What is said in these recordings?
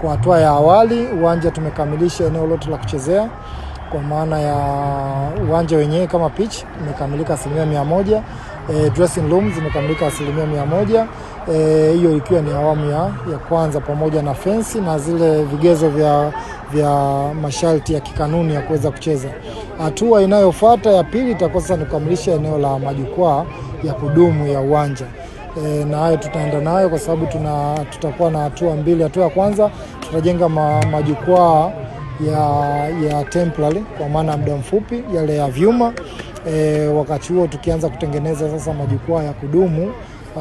Kwa hatua ya awali, uwanja tumekamilisha eneo lote la kuchezea, kwa maana ya uwanja wenyewe kama pitch imekamilika asilimia mia moja. E, dressing room zimekamilika asilimia mia moja. E, hiyo e, ikiwa ni awamu ya, ya kwanza pamoja na fensi na zile vigezo vya, vya masharti ya kikanuni ya kuweza kucheza. Hatua inayofuata ya pili itakuwa sasa ni kukamilisha eneo la majukwaa ya kudumu ya uwanja e, eh, na hayo tutaenda nayo kwa sababu tuna tutakuwa na hatua mbili. Hatua ya kwanza tutajenga ma, majukwaa ya, ya temporary kwa maana ya muda mfupi yale ya vyuma e, wakati huo tukianza kutengeneza sasa majukwaa ya kudumu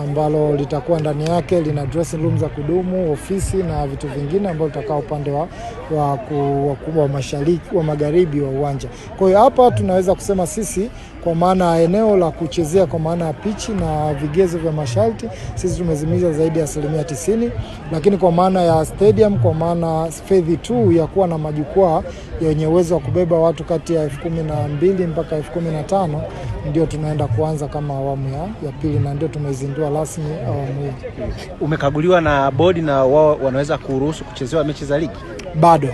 ambalo litakuwa ndani yake lina dressing room za kudumu, ofisi na vitu vingine ambavyo litakaa upande wa, wa, wa, wa mashariki wa magharibi wa uwanja. Kwa hiyo hapa tunaweza kusema sisi kwa maana ya eneo la kuchezea kwa maana ya pichi na vigezo vya masharti sisi tumezimiza zaidi ya asilimia tisini, lakini kwa maana ya stadium kwa maana fedhi tu ya kuwa na majukwaa yenye uwezo wa kubeba watu kati ya elfu kumi na mbili mpaka elfu kumi na tano ndio tunaenda kuanza kama awamu ya, ya pili na ndio tumezindua kuingia rasmi awamu uh, hii. Umekaguliwa na bodi na wao wanaweza kuruhusu kuchezewa mechi za ligi? Bado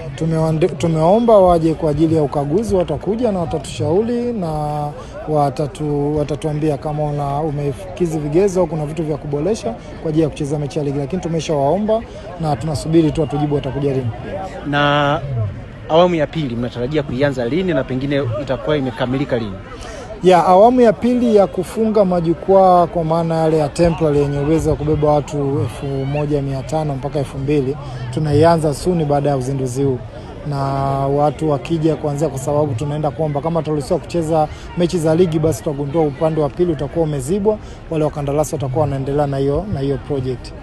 tumeomba waje kwa ajili ya ukaguzi, watakuja na watatushauri na watatu, watatuambia kama una umekizi vigezo au kuna vitu vya kuboresha kwa ajili ya kucheza mechi ya ligi, lakini tumeshawaomba na tunasubiri tu watujibu watakuja lini. Na awamu ya pili mnatarajia kuianza lini na pengine itakuwa imekamilika lini? ya awamu ya pili ya kufunga majukwaa kwa maana yale ya temporary yenye uwezo wa kubeba watu 1500 mpaka 2000 tunaianza suni baada ya uzinduzi huu na watu wakija kuanzia, kwa sababu tunaenda kuomba kama tutaruhusiwa kucheza mechi za ligi, basi tutagundua upande wa pili utakuwa umezibwa, wale wakandarasi watakuwa wanaendelea na hiyo na hiyo project.